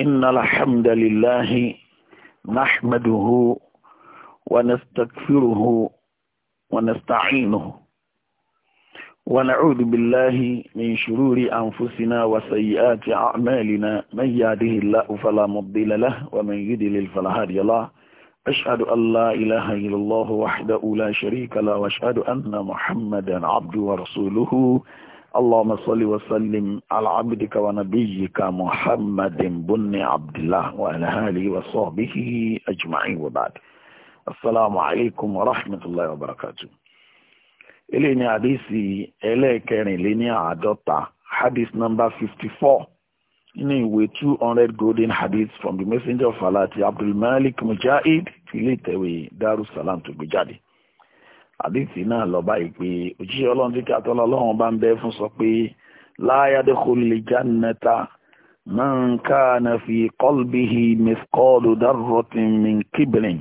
إن الحمد لله نحمده ونستغفره ونستعينه ونعوذ بالله من شرور أنفسنا وسيئات أعمالنا من يهده الله فلا مضل له ومن يضلل فلا هادي له أشهد أن لا إله إلا الله وحده لا شريك له وأشهد أن محمدا عبده ورسوله اللهم صل وسلم على عبدك ونبيك محمد بن عبد الله وعلى آله وصحبه أجمعين وبعد السلام عليكم ورحمة الله وبركاته إليني حديثي إليك إليني عدوتا حديث number 54 إني we 200 golden hadiths from the messenger عبد الملك Abdul Malik Mujahid Filitewi Darussalam to Bujadi àdìsí náà lọ báyìí pé òjíṣẹ́ ọlọ́run tí kàtọ́ ọlọ́run bá ń bẹ fún sọ pé láyàdé kòlì jánẹta máa ń ká na fi kọ́lbìhì mẹ́kọ́ọ̀lù dárọ́tì min kíbìrín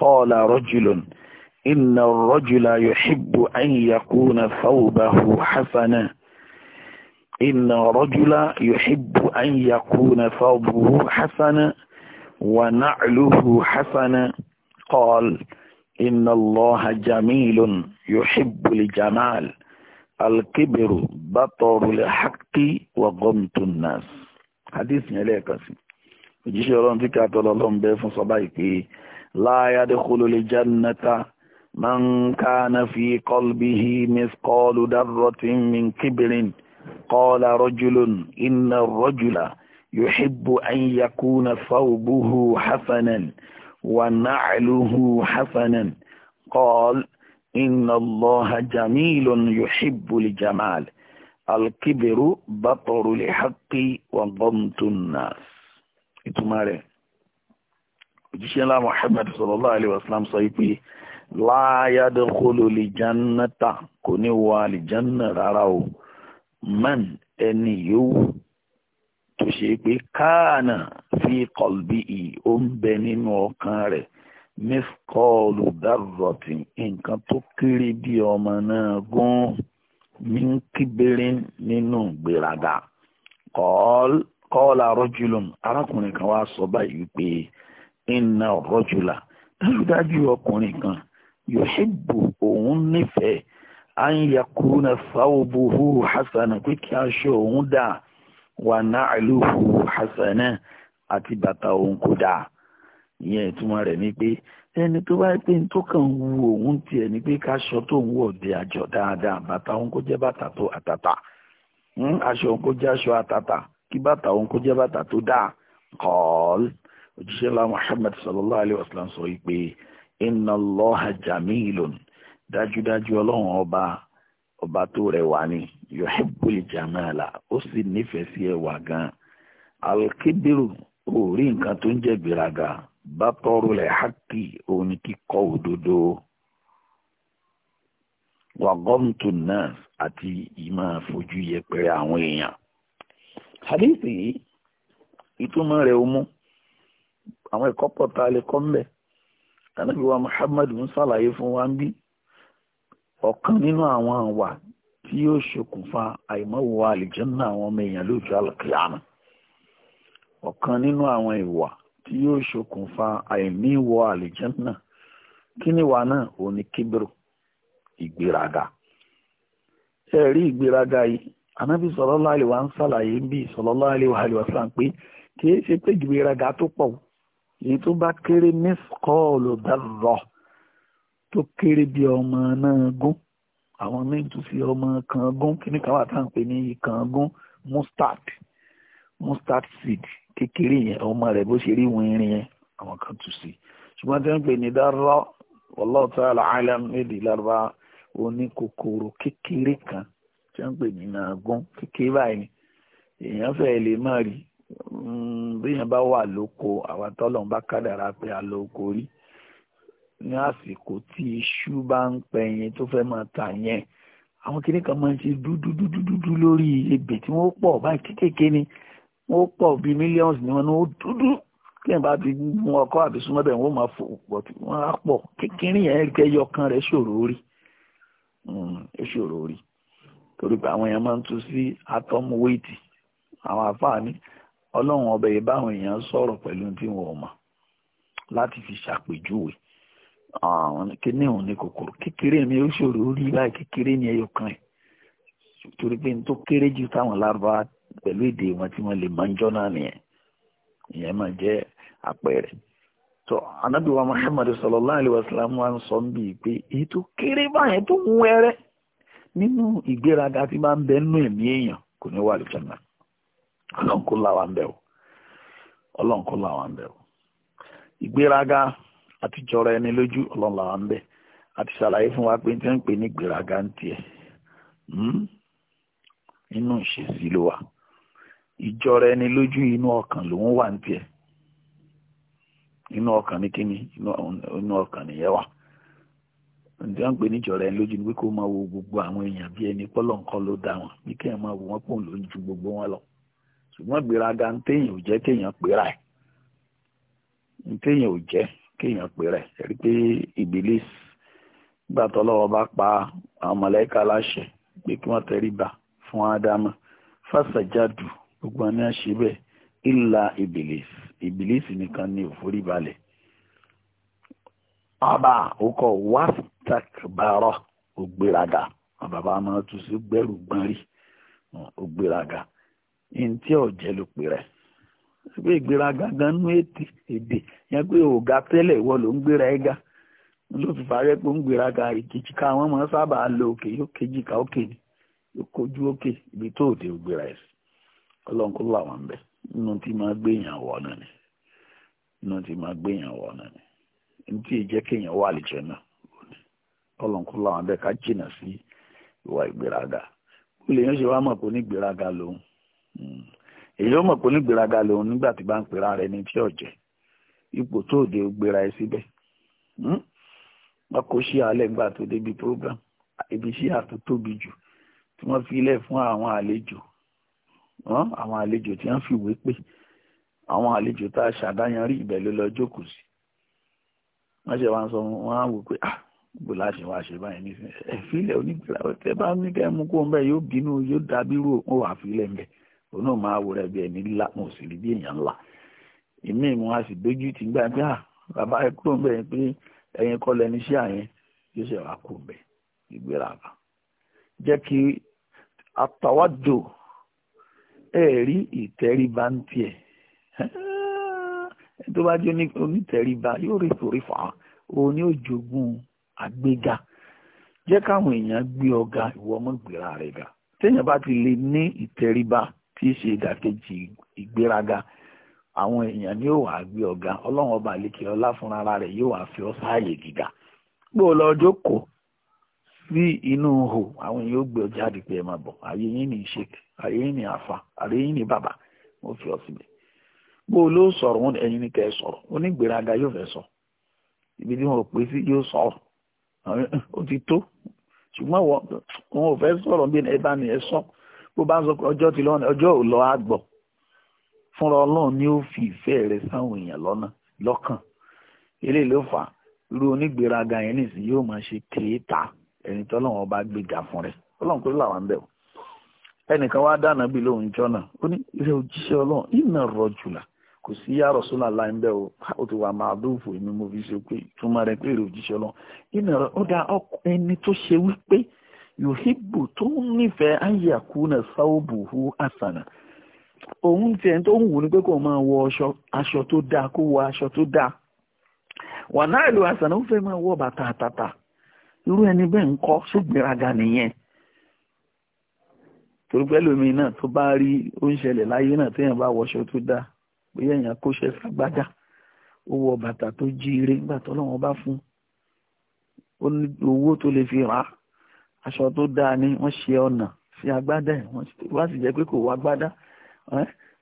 kọ́ọ̀là rọ́jùlùn iná rọ́jùlà yòṣìbù àyìnyàkú na fáwùbáhù hasana iná rọ́jùlà yòṣìbù àyìnyàkú na fáwùbáhù hasana wà náà lùhù kọ́ọ̀lù inna allaha jamilun yuhibbul jamal alkibiru batorul haqi wa gomtun nas hadith yẹn lẹ́ẹ̀kan sí òjíṣẹ́ ọlọ́run tí káàtọ́ ọlọ́run bẹ́ẹ̀ fún sọ́bá ìpè la yadkhulul jannata man kana fi qalbihi mithqalu darratin min kibirin qala rajulun inna rajula yuhibbu an yakuna thawbuhu hasanan ونعله حسنا قال إن الله جميل يحب الجمال الكبر بطر الحق وغمط الناس ìtumọ̀ rẹ̀ òjíṣẹ́ ńlá Muhammad sallallahu alaihi wasallam sọ pé la yadkhulu al-jannata kò ní wọ àlìjánà rárá o man ẹni yòówù tó ṣe pé káànà fi kọlbí ì ó ń bẹ nínú ọkàn rẹ̀ mẹ́fọ́ọ̀lù dárọ̀tì nǹkan tó kéré bí ọmọ náà gún mí ń kíbere nínú gbéraga kọ́ọ̀lá rọ́jùlùm arákùnrin kan wá sọ báyìí wípé iná rọ́jùlà dájúdájú ọkùnrin kan yòṣìbù òun nífẹ̀ẹ́ à ń yakuna sáwọ́ buhu hasan pé kí aṣọ òun dáa wà náà àlùfù hasanah àti bata òun dáa ìyẹn ìtumọ̀ rẹ̀ ni pé ẹni tó bá pé tó kàn ń wu òun ni pé káṣọ tó ń àjọ dáadáa bàtà òun kó jẹ́ bàtà tó àtàtà hmm, aṣọ òun kó jẹ́ aṣọ àtàtà kí bàtà òun kó jẹ́ bàtà tó dáa òjíṣẹ́ Muhammad sallallahu alayhi wa sallam sọ pé ọba ọba tó rẹwà ni yuhibbul jamala ó sì nífẹ̀ẹ́ sí ẹwà gan alkibiru ò rí nǹkan tó ń jẹ́ gbéraga batarul haqqi òun ni kíkọ́ òdodo wàgọ́mtù náà àti ìmọ̀ fojú yẹpẹrẹ àwọn èèyàn. hadithi yìí ìtumọ̀ rẹ̀ ó mú àwọn ẹ̀kọ́ pọ̀ tá a lè kọ́ fún wa ọ̀kan nínú àwọn àwà tí yóò ṣokùnfà àìmọ́wò àlìjẹ́nà àwọn ọmọ èèyàn lójú alùkìyàmù ọ̀kan nínú àwọn ìwà tí yóò ṣokùnfà kí ni ìwà náà ò ní kíbrù ìgbéraga ẹ ìgbéraga yìí anábì sallallahu ń ṣàlàyé bí sàn pé kì í ṣe pé ìgbéraga tó pọ̀ èyí tó bá kéré tó kéré bí ọmọ náà gún àwọn míì tún fi ọmọ kan gún kíní kan wà tá à ń pè ní ìkan gún mustard mustard seed kékeré yẹn ọmọ rẹ̀ bó ṣe rí wìnrin yẹn àwọn kan tún sí ṣùgbọ́n tí wọ́n pè ní dárọ́ wallahu ta'ala alam èdè lárúbá oní kòkòrò kékeré kan tí wọ́n pè ní nàgún kékeré báyìí èèyàn fẹ́ẹ́ lè má rí hmm, bí èèyàn bá wà lóko àwọn tọ́lọ̀ ń bá kádàrá pé a lóko rí ní àsìkò tí iṣu bá ń pẹyin tó fẹ́ máa tà yẹn àwọn kinní kan máa ń ṣe dúdúdúdúdú lórí ebè tí wọ́n pọ̀ báyìí kékèké ni wọ́n pọ̀ bíi millions ni wọ́n ní ó dúdú kíyàn bá ti mú ọkọ àbí súnmọ́ bẹ́ẹ̀ wọ́n máa fò pọ̀ tí wọ́n á pọ̀ kékeré yẹn kẹ́ yọkan rẹ̀ ṣòro rí hmm, ẹ ṣòro rí torí pé àwọn èèyàn máa ń tú sí atom weight àwọn àfáàní ọlọ́run ọbẹ̀ yìí báwọn èèyàn sọ̀rọ̀ pẹ̀lú tí wọn mọ̀ láti fi ṣàpèjúwe àwọn ah, kíní òun ni kòkòrò kékeré mi ó ṣòro ó rí báyìí kékeré ni ẹyọ kan ẹ̀ torí pé n tó kéré jù táwọn èdè wọn tí wọ́n lè máa ń jọ́ náà nìyẹn ìyẹn máa jẹ́ àpẹẹrẹ tó anábìwá muhammadu sallallahu alayhi wa sallam wa ń sọ pé èyí tó kéré báyẹn tó ń nínú ìgbéraga àti jọra ẹni lójú ọlọ́run làwọn ń bẹ̀ àti ṣàlàyé fún wa pé tí wọ́n ń pè ní gbéraga ń tiẹ̀ hmm? ẹni lójú inú ọkàn ló ń wà ń tiẹ̀ inú ọkàn ní kíni inú ọkàn nìyẹn wà ń pè ẹni lójú ni gbogbo àwọn èèyàn bí ẹni pọ́lọ̀ nǹkan ló dá wọn máa wo ló ń ju gbogbo wọn lọ ṣùgbọ́n ń téèyàn ò jẹ́ ẹ̀ ń téèyàn kéèyàn pè rẹ̀ ẹ̀rí pé Ìbílísì gbà tọ́lọ́wọ́ bá pa àwọn mọ̀lẹ́kà láṣẹ pé kí wọ́n tẹríba fún ádámà fásajádù gbogbo àní àṣẹ bẹ́ẹ̀ ìlà Ìbílísì Ìbílísì nìkan ni òfúrí balẹ̀ ọba òkọ wàsítákbárọ̀ ògbéraga bàbá máa tún sí gbẹrù gbọ́n rí ògbéraga ntí ọ̀jẹ̀ ló pè rẹ̀ pé igberaga gan nú ede èdè yẹn pé òga tẹ́lẹ̀ ìwọ ló ń gbéra ẹ̀ga ló fi parẹ́ pé ń gbéraga ìkejìká wọn máa sábà lo òkè yóò òkè ni yóò kojú òkè ibi tó òde ògbéra ọlọ sí ọlọ́run kó làwọn ma nínú tí máa gbé èèyàn náà ni nínú tí máa gbé èèyàn náà ni ní tí èèyàn wà náà kó ká jìnà sí ìwà lè yẹn ṣe wá mọ̀ pé èyí ó mọ̀ pé onígbèraga lòun nígbà tí bá ń pera rẹ̀ ní tí ọ̀jẹ̀ ipò tó òde gbéra ẹ síbẹ̀ hmm? wọn kò ṣí alẹ́ gbà tó débi program ibi ṣí àtò tóbi jù tí wọ́n fi ilẹ̀ fún àwọn àlejò àwọn àlejò tí wọ́n fìwé pé àwọn àlejò tá a ṣàdáyanrí ibẹ̀ ló lọ sí wọ́n ṣe wá ń sọ wọ́n á wò pé ah gbogbo láṣẹ wá ṣe báyìí nísìnyí ẹ̀ fílẹ̀ onígbèrè àwọn tẹ́ bá ní kẹ́ mú kó ń bẹ̀ yóò bínú yóò dábírú òun wà fílẹ̀ ń bẹ̀ òun náà máa wúra ẹbí ẹni ńlá wọn ò sì rí bí èèyàn ńlá ìmí ìmú a sì dójú ti gbà pé bàbá ẹ kúrò bẹ́ẹ̀ pé ẹyin kọ́ lẹni iṣẹ́ àyẹn yóò ṣe wàá kú bẹ́ẹ̀ ìgbéraga jẹ́ kí àtàwádò ẹ̀rí ìtẹríba ń tiẹ̀ tó bá jẹ́ onítẹríba yóò rí torí fà á òun ni ó jogún àgbéga jẹ́ káwọn èèyàn gbé ọ̀gá ìwọ ọmọ gbéra rẹ̀ ga téèyàn bá ti lè ní ìtẹríba tí í ṣe ìdàkejì ìgbéraga àwọn èèyàn ni yóò wá gbé ọ̀gá ọlọ́run ọba àlekè ọlá fúnra rẹ̀ yóò wá fi ọ́ sáàyè gíga gbọ́ lọ jókòó sí inú hò àwọn èèyàn ó gbé ọjà àdìpé ẹ̀ máa bọ̀ ààyè yín ní ààyè yín ní àfa ààyè yín ní mo fi ọ gbọ́ ló sọ̀rọ̀ ibi tí wọn pè sí yóò ti tó ṣùgbọ́n wọn ò fẹ́ sọ̀rọ̀ bí bá ní ẹ bó bá ń sọ pé ọjọ́ ti lọ́nà ọjọ́ ò lọ àgbọ̀ fúnra ọlọ́run ni ó fi ìfẹ́ rẹ sáwọn èèyàn lọ́nà lọ́kàn eléyìí ló fà irú onígbéraga yẹn nìsín yóò máa ṣe kéèta ẹni tí ọba gbéga fún rẹ̀ ọlọ́run kúrò làwọn ń bẹ̀ ẹnìkan wá dáná bí lóun jọ náà ó ní ilé òjíṣẹ́ ọlọ́run ìnà kò sí yàrá láì ń bẹ̀ ó mo fi ṣe pé túmọ̀ pé òjíṣẹ́ ọlọ́run yòhíbù tó ń nífẹ̀ẹ́ ayakuna sáwòbùhù àsànà òun tiẹ̀ tó ń wù ní pé kò máa wọ aṣọ tó dáa kó wọ aṣọ tó dáa wà náà lo àsànà ó fẹ́ máa wọ bàtà àtàtà irú ẹni bẹ́ẹ̀ ń kọ́ ṣègbéraga nìyẹn torí pẹ́ lómi náà tó bá rí ó láyé náà téèyàn bá wọṣọ tó dáa bóyá èèyàn kóṣẹ́ ságbádá ó wọ bàtà tó jíire nígbà tó lọ́wọ́n bá fún owó tó lè fi rà á aṣọ tó dáa ni wọ́n ṣe ọ̀nà sí agbádá ẹ̀ wọ́n wá sì jẹ́ pé kò wá agbádá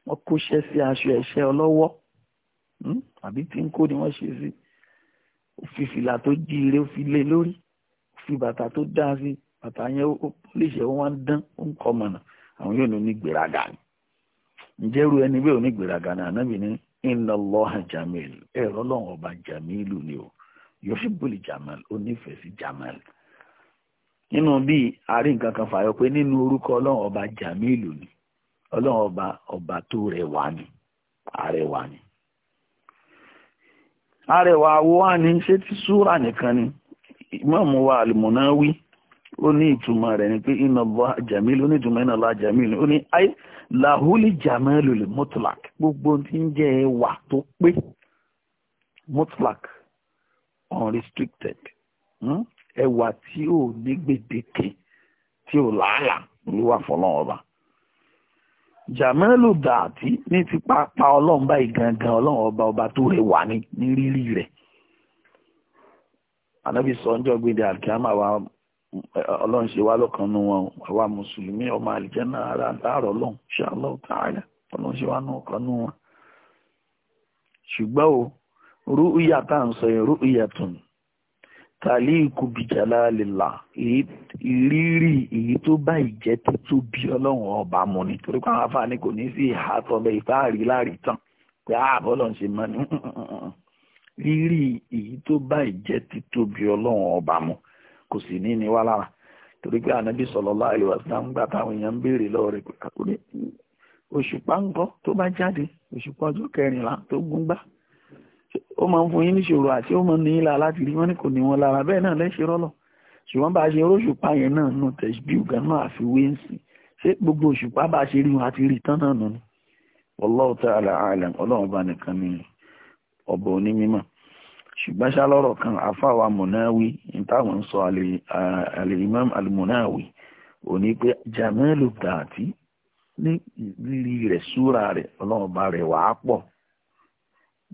wọ́n kóṣẹ́ sí aṣọ ẹ̀ṣẹ́ ọlọ́wọ́ hmm? àbí tí ń kó ni wọ́n ṣe sí ó fi fìlà tó jíire ó fi lé lórí ó bàtà tó dáa sí bàtà yẹn ó lè ṣe wá ń dán ó ń kọ́ mọ̀nà àwọn yóò ní onígbèrágà ni ǹjẹ́rú ẹni bẹ́ẹ̀ onígbèrágà ni ànábì ní innallaha jamil ẹ̀rọ ọlọ́run ọba jamilu ni o yuhibbul jamal onífẹ̀ẹ́ sí jamal. nínú bí àárí nǹkan kan fàyọ pé nínú orúkọ ọlọ́run ọba jamilu ni ọlọ́run ọba ọba tó rẹwà ni arẹwà ni arẹwà wo wá ni ṣé ti súrà nìkan ni ìmáàmù wa àlùmọ̀náwí ó ní ìtumọ̀ rẹ̀ ni pé inna jamilu ó ní ìtumọ̀ inna Allah jamilu ó ní ayé làhúlì jamilu lè mutlak gbogbo tí ń jẹ́ ẹwà tó pé mutlak unrestricted. Hmm? ẹwà tí ò ní gbèdéke tí ò làálàá olúwa ọba jàmẹ́lù dàtí ní ti pápá ọlọ́run báyìí gangan ọlọ́run ọba ọba tó rẹwà ní ní rírí rẹ̀ ànábì sọ́njọ́ gbéde àkíámà wa ọlọ́run ṣe wá lọ́kàn wọn àwa mùsùlùmí ọmọ àlìjẹ́nà ara o rú ìyá tá à ń sọ yẹn rú tàlíkù bìjàlá lèlà ìrírí èyí tó bá ìjẹ́ tó tóbi ọlọ́run ọba mu ni torí pé àwọn afáàní kò ní sí ìhà tọ́lẹ̀ ìfáàrí láàrí tán pé ààbọ̀ ah, lọ́n ṣe mọ́ ni rírí èyí tó bá ìjẹ́ tó tóbi ọlọ́run ọba mu kò sì ní ní wá lára torí pé ànábì sallallahu alaihi wasallam gbà táwọn èèyàn ń béèrè lọ́wọ́ rẹ̀ pé àkúrẹ́ òṣùpá ńkọ́ tó bá jáde òṣùpá ọjọ́ kẹrìnlá tó gúngbà ó máa ń fún yín níṣòro àti ó máa ń ní ilà láti rí wọn ní kò ní wọn lára bẹ́ẹ̀ náà lẹ́ṣẹ̀ rọ́lọ̀ ṣùgbọ́n bá a ṣe róṣùpá yẹn náà nù tẹ̀síbíù gan náà àfiwé ń sìn ṣé gbogbo òṣùpá bá a ṣe rí wọn àti rí tán náà nù ni wallahu ta'ala a'lam ọlọ́run bá nìkan ní ọ̀bọ̀ onímọ̀ ṣùgbọ́n ṣálọ́rọ̀ kan afáwa mọ̀náwí ìtàwọn sọ al-imam al òní pé jamilu dàtí ní rírí rẹ̀ súra rẹ̀ ọlọ́run bá rẹ̀ wàá pọ̀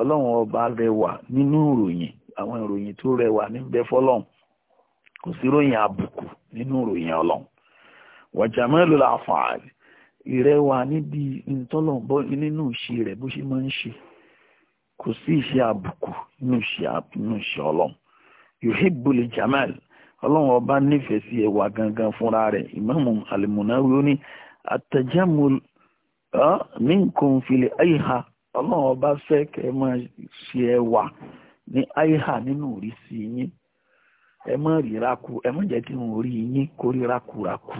ọlọ́run ọba rẹwà nínú ìròyìn àwọn ìròyìn tó rẹwà níbẹ̀ fọlọ́run kò sí ròyìn àbùkù nínú ìròyìn ọlọ́run wàjàmẹ́lò làfààlì ìrẹwà níbi ìtọ́lọ̀bọ nínú ìṣe rẹ̀ bó ṣe máa ń ṣe kò sí ìṣe àbùkù nínú ìṣe ọlọ́run yuhibbul jamal ọlọ́run ọba nífẹ̀ẹ́ sí ẹwà gangan fúnra rẹ̀ ìmáàmù al-Munawi ní àtẹ̀jámù ah, minkum fil ayha ọlọ́run ọba fẹ́ kẹ́ ẹ máa ṣe ẹwà ní àìhà nínú ìrísí yín ẹ má ríra ku ẹ má jẹ́ kí irun orí yín kó ríra kuraku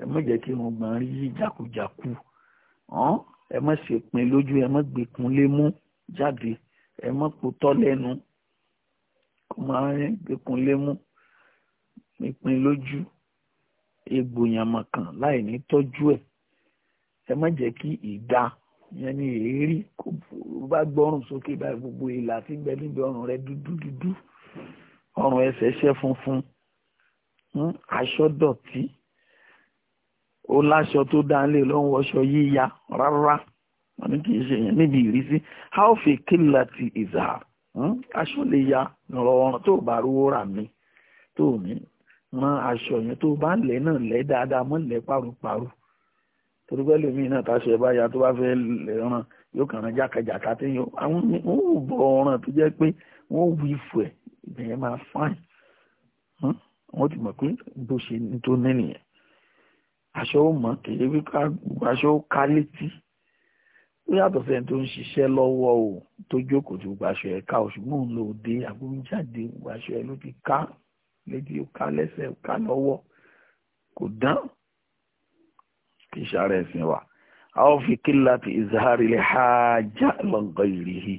ẹ má jẹ́ kí irun gbọ̀n rí jákujàku ẹ má ṣe pin lójú ẹ má gbẹkun lémú jáde ẹ má potọ́ lẹ́nu kó máa ń gbẹkun lémú pínpín lójú egbòyànmọ̀kàn láì ní tọ́jú ẹ̀ ẹ má jẹ́ kí ìdá yẹn ni èérí kò bá gbọ́rùn sókè báyìí gbogbo ìlà tí ń níbi ọrùn rẹ dúdú dúdú ọrùn ẹsẹ̀ ṣẹ́ funfun hmm, aṣọ dọ̀tí ó láṣọ tó dánlé lọ́wọ́ ọṣọ yíya rárá wọn ni kì í ṣe yẹn níbi ìrísí how fi kílà ti ìzà hmm, aṣọ lè ya rọrùn tó bá rówó rà mí tó ní mọ aṣọ yẹn tó bá lẹ̀ náà lẹ̀ dáadáa mọ́ lẹ̀ paruparu torí pẹ́ lómi náà tá a ṣe báyà tó bá fẹ́ ràn yóò kàn án jákèjàká tí yóò àwọn wọn ò bọ ọ̀ràn tó jẹ́ pé wọ́n wí fún ẹ̀ ìbẹ̀yẹn máa fáìn hmm? wọ́n ti mọ̀ pé bó ṣe ní tó ní nìyẹn aṣọ ó mọ̀ kéde wípé aṣọ ó ká létí ó yàtọ̀ sẹ́ni tó ń ṣiṣẹ́ lọ́wọ́ o tó jókòó tó gbaṣọ ẹ̀ ká oṣù mò ń lò dé agbóhùnjáde gbaṣọ ẹ̀ ló ti ká létí ó ká lẹ́sẹ̀ ó ká lọ́wọ́ kò dán kì í ṣàárẹ̀ ẹ̀sìn wa àwọn fi kílà ti ìzáàrí lè ha já lọ́gọ́ ìrìhì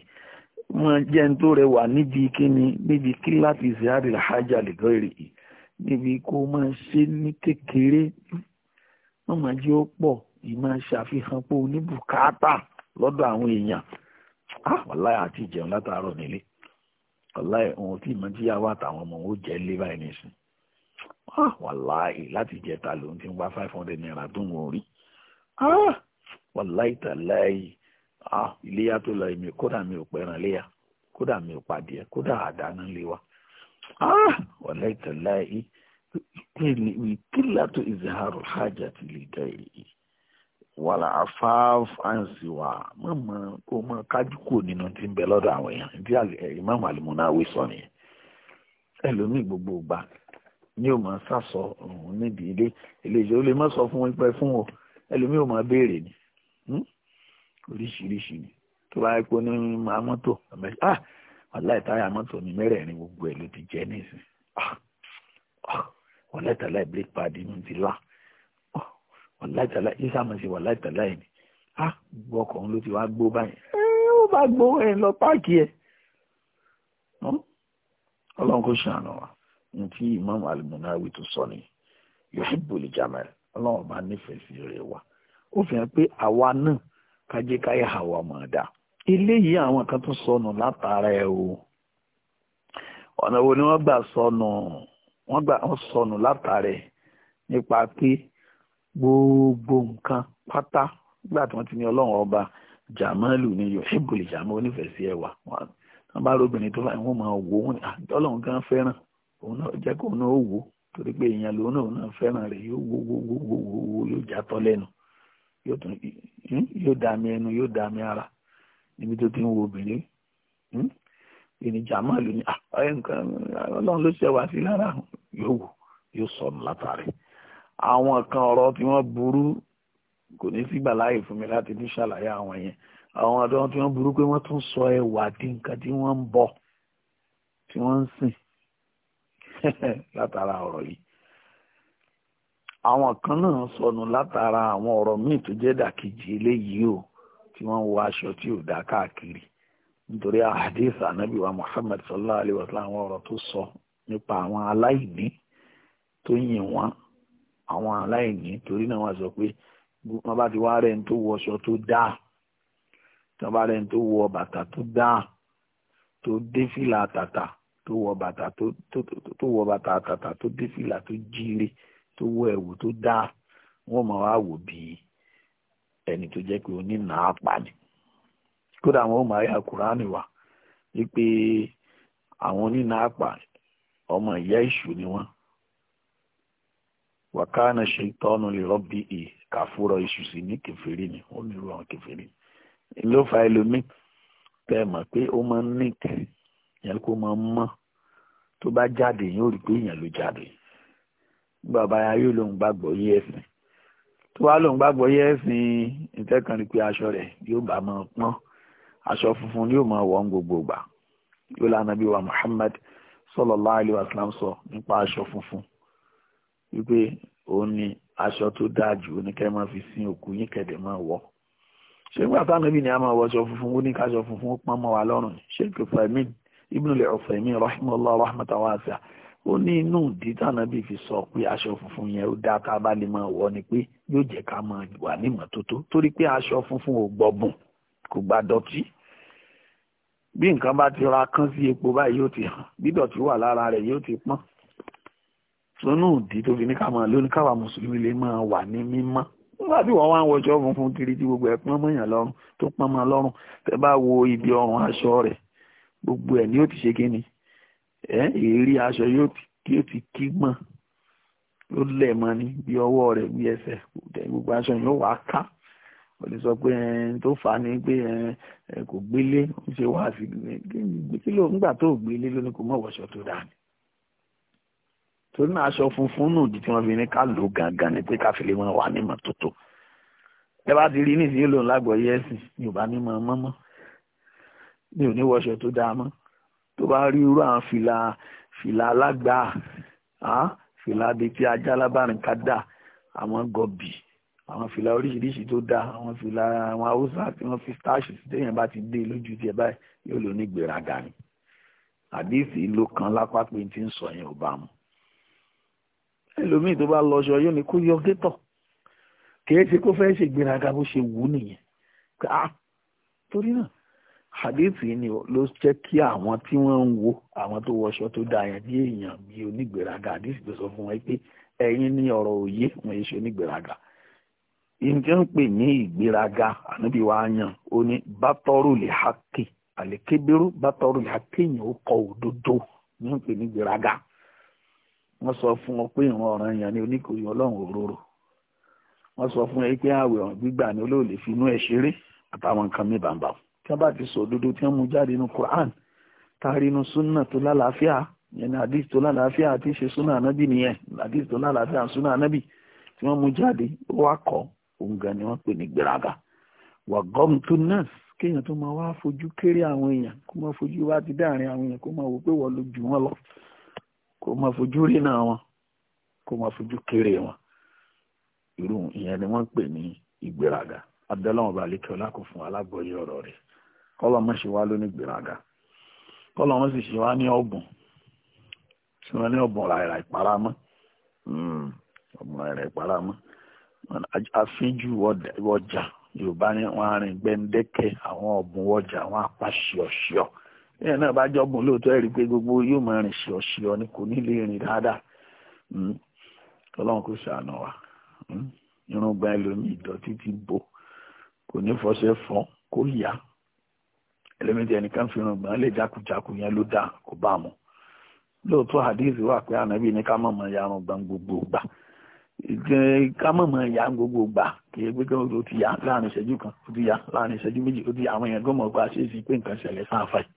wọ́n jẹ́ ń tó rẹwà níbi kíni níbi kílà ti ìzáàrí lè ha já lọ́gọ́ ìrìhì níbi kó máa ṣe ní kékeré wọ́n máa jẹ́ ó pọ̀ ì máa ṣàfihàn pé oníbùkátà lọ́dọ̀ àwọn èèyàn ah, wàláì àti ìjẹun látàárọ̀ nílé wàláì ohun tí ìmọ̀ àtàwọn ọmọ wọn ó jẹ́ lé báyìí nísìnyí Ah, wàláì láti jẹta lòun ti ń wá five hundred naira tó ń wọ orí ah, wàláì tàláì ah, iléyà tó lọ èmi kódà mi ò pẹran léyà kódà mi ò pàdé ẹ kódà àdáná lé wa wàláì tàláì kílà tó ìzìhàrò hájà ti lè dá èyí wàlà afáf àǹsì wa mọ̀mọ́ kó mọ́ kájú kúrò nínú ti ń bẹ lọ́dọ̀ àwọn èèyàn tí ìmáàmù àlùmọ́nà wí sọ nìyẹn ẹlòmíì gbogbo gbà ni ó máa sàsọ òun nídìí ilé eléyìí ó lè má sọ fún wọn pé fún ọ ẹlòmíì ò máa béèrè ni hmm? oríṣiríṣi ni tó bá pọ ní máa mọ́tò ah wàláì táyà mọ́tò ní mẹ́rẹ̀ẹ̀rin gbogbo ẹ̀ ló ti jẹ́ nísìn wàláì tàlà ìbílẹ̀ pàdé ní ah, ah, ti lá wàláì tàlà ìsàmùsí wàláì tàlà ìní ah gbogbo ọkọ̀ òun ló ti wá gbó báyìí eh, ó bá gbó ẹ̀ lọ páàkì ẹ̀ hmm? ọlọ́run kò ṣàánú wa. nke imam al-munawi tó sọ ni yuhibbu al ọlọ́run bá nífẹ̀ẹ́ sí rẹ̀ wá fi hàn pé àwa náà kájé káyà àwa mọ̀ dá eléyìí àwọn kan tó sọnù látara ẹ o ọ̀nà wo ni wọ́n gbà sọnù wọ́n gbà wọ́n sọnù látara ẹ nípa pé gbogbo nǹkan pátá nígbà tí wọ́n ti ní ọlọ́run ọba ni onífẹ̀ẹ́ sí wọn bá rọ obìnrin tó òun náà jẹ́ kóun náà wò torí pé èèyàn lòun náà náà fẹ́ràn rẹ̀ yóò wò wò wò wò wò wò yóò já tọ́ lẹ́nu yóò hmm, dá mi ẹnu yóò dá mi ara níbi tó ti ń wo obìnrin ìnìjà máa lò ní ah, ọlọ́run ló ṣe wá sí lára yóò wò yóò sọnù látàrí àwọn kan ọ̀rọ̀ tí wọ́n burú kò ní sí gbàláyè fún mi láti ní ṣàlàyé àwọn yẹn àwọn ọ̀dọ́ tí wọ́n burú pé wọ́n tún sọ ẹwà dín nǹkan tí wọ́n ń bọ tí wọ́n ń sìn látara ọ̀rọ̀ yìí àwọn kan náà sọnù látara àwọn ọ̀rọ̀ míì tó jẹ́ dàkejì eléyìí o tí wọ́n wọ aṣọ tí ò dá káàkiri nítorí hadith anabi wa muhammad sallallahu alayhi wa sallam àwọn ọ̀rọ̀ tó sọ nípa àwọn aláìní tó yìn wọ́n àwọn aláìní torí náà wọ́n sọ pé wọ́n bá ti wá rẹ̀ ń tó wọṣọ tó dáa tí wọ́n bá rẹ̀ tó wọ bàtà tó dáa tó dé fìlà tàtà tó wọ bàtà tó tó wọ bàtà àtàtà tó dé fìlà tó jíire tó wọ ẹ̀wù tó dáa wọ́n máa wá wò bí ẹni tó jẹ́ pé onínàá pa ni kódà wọ́n máa yà kúránì wá wípé àwọn onínàá pa ọmọ ìyá ìṣù ni wọ́n wàkánà ṣaitọ́nù lè rọ́bì ì kàfúrọ̀ iṣu sí ní kẹfìrí ni ó nílò àwọn kẹfìrí ni ló fa ẹlòmíì tẹ́ mọ̀ pé ó máa ń nìkẹ́ yẹn kó máa mọ́ tó bá jáde yóò rí pé èèyàn ló jáde bàbá ayé lòun gbàgbọ́ yé ẹ̀sìn tó wá lòun gbàgbọ́ yé ẹ̀sìn ìtẹ́kàn rí pé aṣọ rẹ̀ yóò bá máa pọ́n aṣọ funfun yóò máa wọ̀ gbogbo gbà yóò lànà bí wa Muhammad sallallahu alaihi wasallam sọ nípa aṣọ funfun wípé òun ni aṣọ tó dáa jù oníkẹ́ máa fi sin òkú yín kẹ̀dẹ̀ máa wọ̀ ṣé nígbà táwọn ẹbí ni a máa wọṣọ funfun ó ní káṣọ funfun pọ́n mọ́ wa lọ́rùn ṣé kò fẹ́ mí Ibn al-Uthaymin rahimahullah rahmatan wasi'a ó ní inú ìdí tànàbí fi sọ pé aṣọ funfun yẹn ó dá ká bá lè máa wọ̀ ni pé yóò jẹ́ ká máa wà ní ìmọ́tótó torí pé aṣọ funfun ò gbọ̀bùn kò gba dọ̀tí bí nǹkan bá ti ra kán sí epo báyìí yóò ti hàn bí dọ̀tí wà lára rẹ̀ yóò ti pọ́n sọnù ìdí tó fi ní ká máa lóní káwa mùsùlùmí lè máa wà ní mímọ́ nígbà tí wọ́n wá ń wọjọ́ funfun kiri gbogbo ẹ̀ pọ́n mọ́yàn lọ́rùn tó pọ́n mọ́ lọ́rùn tẹ́ bá wo ibi ọrùn aṣọ rẹ̀ gbogbo ẹ̀ ni yóò ti ṣe kí ni èérí aṣọ yóò ti kí gbọ̀n ó lẹ̀ mọ́ ni bí ọwọ́ rẹ̀ bí ẹsẹ̀ gbogbo aṣọ yóò wá ká ó lè sọ pé tó fà á ni pé kò gbélé ó ṣe wá sí kí ló ń gbà tó gbélé lónìí kò mọ̀ wọ̀ṣọ tó dáa ni torí náà aṣọ funfun nù di tí wọ́n fi ní ká lò gangan ni pé ká fi lè wọn wà ní mọ́tótó ẹ bá ti rí nísìnyí lòun lágbọ̀ọ́yé ẹ̀sìn yorùbá ní mọ́ mi ò ní wọṣọ tó dáa mọ́ tó bá rí irú àwọn fìlà fìlà alágbà fìlà abetí ajá alábàárín ká dà àwọn gọbì àwọn fìlà oríṣiríṣi tó dáa àwọn fìlà àwọn haúsá tí wọ́n fi stáàṣì sí téèyàn bá ti dé lójú tiẹ̀ báyìí yóò lò ní gbéraga ni àdéhìsì ló kan lápá pé tí ń sọ yẹn ò bá mu ẹlòmíì tó bá lọṣọ yóò ní kó yọ gétọ̀ kì í ṣe kó fẹ́ ṣègbéraga bó ṣe wù ú nìyẹn ah, torí náà hadithi ni ló jẹ́ kí àwọn tí wọ́n ń wo àwọn tó wọṣọ tó dáa yẹn bí èèyàn bí onígbèrágà hadithi tó sọ fún wọn pé ẹ̀yin ní ọ̀rọ̀ òye wọn yìí ṣe onígbèrágà ìjọ ń pè ní ìgbéraga ànábì wa yan ó ní bátọ́rù lè hákè àlékébérú bátọ́rù lè hákè yẹn ó kọ òdodo ní ń pè ní ìgbéraga wọ́n sọ fún ọ pé ìran ọ̀ràn yẹn ni oníkòyí ọlọ́run òróró wọ́n sọ fún ẹ pé àwẹ̀ ọ̀ràn gbígbà ni olóòlè fi inú ẹ̀ ṣeré àtàwọn nǹkan mi bàbà tí wọ́n bá ti sọ òdodo tí wọ́n mú jáde nínú Quran tari inú súnà tó lálàáfíà yẹn hadith tó lálàáfíà àti ṣe súnà anábì nìyẹn hadith tó lálàáfíà súnà anábì tí wọ́n mú jáde ó wá kọ́ ni wọ́n pè ní gbéraga wà gọ́m tó nọ́ọ̀sì kéèyàn tó máa wá fojú kéré àwọn èèyàn kó máa fojú wá ti dáàrin àwọn èèyàn kó máa wò pé wọ́n ló jù wọ́n lọ kó máa fojú rí náà wọn kó máa fojú kéré wọn irú ìyẹn ni wọ́n ń pè ní ìgbéraga abdulhamu balikiola kò fún alágbọ̀yé ọ̀rọ̀ rẹ̀ kọ́lọ̀ mọ́ ṣe wá lóní gbèrágà kọ́lọ̀ mọ́ ṣe wá ní ọ̀bùn ṣe ní ìparamọ́ hmm, ọjà yorùbá ní wọn arìn gbẹndẹkẹ àwọn ọ̀bùn ọjà àwọn náà bá gbogbo yóò máa rìn ni kò ní rìn dáadáa hmm, kò wa hmm, irun gba ẹlòmíì ti ẹlẹ́mìtì ẹnìkan fi ràn gbọ́n lè jákujàku yẹn ló dáa kò bá mu lóòótọ́ hadith wà pé ànábì ní ká mọ̀mọ́ yarun gbọ́n gbogbo gbà ká mọ̀mọ́ ya gbogbo gbà kì í gbé kó ti ya láàrin ìṣẹ́jú kan ó ti ya láàrin ìṣẹ́jú méjì ó ti ya àwọn èèyàn gbọ́mọ̀ gba ṣé èsì pé nǹkan ṣẹlẹ̀ sáfà yìí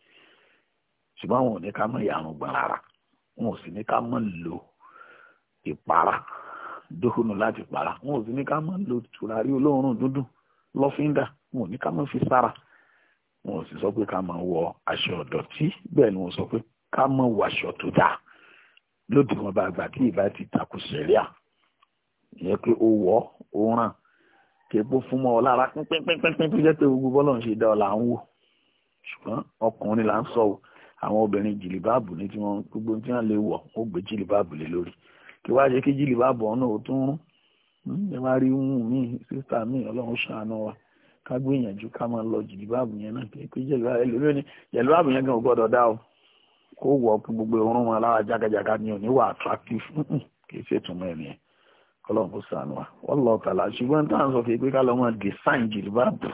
ṣùgbọ́n àwọn ò ní ká mọ̀ yarun gbọ́n rárá wọn ò sì ní ká mọ̀ lo ìpara dóhùnù láti para wọn ò sì ní ká mọ̀ lo tùràrí olóòórùn dúndùn lọ́fíńdà wọn ò ní ká mọ̀ fi sára wọn ò sì sọ pé ká máa wọ aṣọ ọ̀dọ̀tí bẹ́ẹ̀ ni wọ́n sọ pé ká máa wọ aṣọ tó dáa lódì wọn bá gbà tí ìbá ti takò sẹ̀ríà ìyẹn pé ó wọ̀ ó ràn kéèpó fún mọ́ ọ lára pínpínpínpín tó jẹ́ pé gbogbo bọ́lọ̀ ń ṣe dá ọ là ń wò ṣùgbọ́n ọkùnrin là ń sọ o àwọn obìnrin jìlìbáàbù ní tí wọ́n gbogbo tí wọ́n lè wọ̀ ó gbé jìlìbáàbù lé lórí kí wá ṣe kí jìlìbáàbù ọ̀nà ò tún rún hm, ẹ wá rí wù mí sísá mi ọlọ́run ṣàánú wa ká gbìyànjú ká máa lọ jìlìbáàbù yẹn náà kí pé jẹ̀lúbáàbù yẹn gan ò gbọ́dọ̀ dá o kó wọ̀ kí gbogbo irun wọn lára jágajàga ni ò ní wà attractive kì í ṣe ìtumọ̀ ẹ̀mí ẹ̀ kọ́lọ́n kó sànù wa wọ́n lọ kàlà ṣùgbọ́n tá à ń sọ kì í pé ká lọ mọ design jìlìbáàbù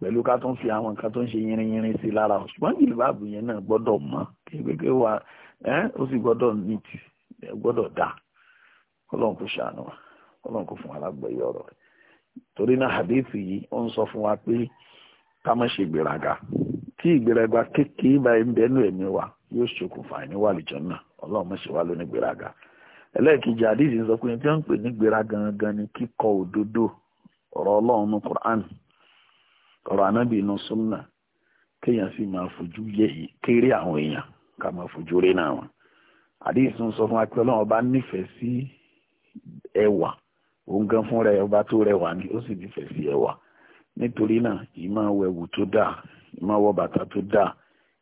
pẹ̀lú ká tó ń fi àwọn nǹkan tó ń ṣe yínrínyínrín sí lára o ṣùgbọ́n jìlìbáàbù yẹn náà gbọ́dọ̀ mọ́ kì í pé wà ẹ́ ó sì gbọ́dọ̀ neat gbọ́dọ̀ dá kọ́lọ́n kó sànù wa kọ́lọ́n kó fún alágbèyẹ ọ̀rọ̀ torí náà hadith yìí ó ń sọ fún wa pé ká má ṣe ìgbéraga tí ìgbéraga kékeré báyìí ń bẹnu ẹ̀mí wa yóò ṣokùnfà ní wàlìjọ náà ọlọ́run má ṣe wá ìgbéraga ẹlẹ́ẹ̀kejì hadith sọ pé tí wọ́n ń pè ní ìgbéraga gangan ni kíkọ òdodo ọ̀rọ̀ ọlọ́run ní Qur'an ọ̀rọ̀ anábì inú kéèyàn sì máa kéré àwọn èèyàn ká máa fojú rí òun gan fún rẹ ọba tó rẹwà ni ó sì nífẹ̀ẹ́ sí ẹwà nítorí náà ìmọ̀ wẹ̀wù tó dáa ìmọ̀ wọ bàtà tó dáa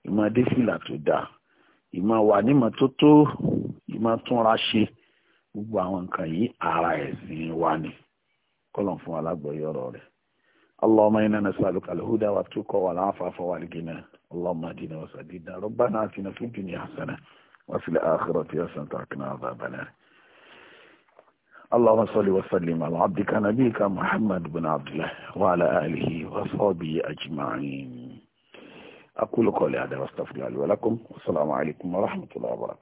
ìmọ̀ dé tó dáa ìmọ̀ wà nímọ̀ tó tó ìmọ̀ túnra ṣe gbogbo àwọn nǹkan yìí ara ẹ̀sìn wa ni kọ́lọ̀n fún alágbọ̀yé ọ̀rọ̀ rẹ̀ allahumma inna huda wa tuqa wa al-afafa wa al-ghina allahumma adina atina dunya اللهم صل وسلم على عبدك نبيك محمد بن عبد الله وعلى آله وصحبه أجمعين أقول قولي هذا واستغفر الله ولكم والسلام عليكم ورحمة الله وبركاته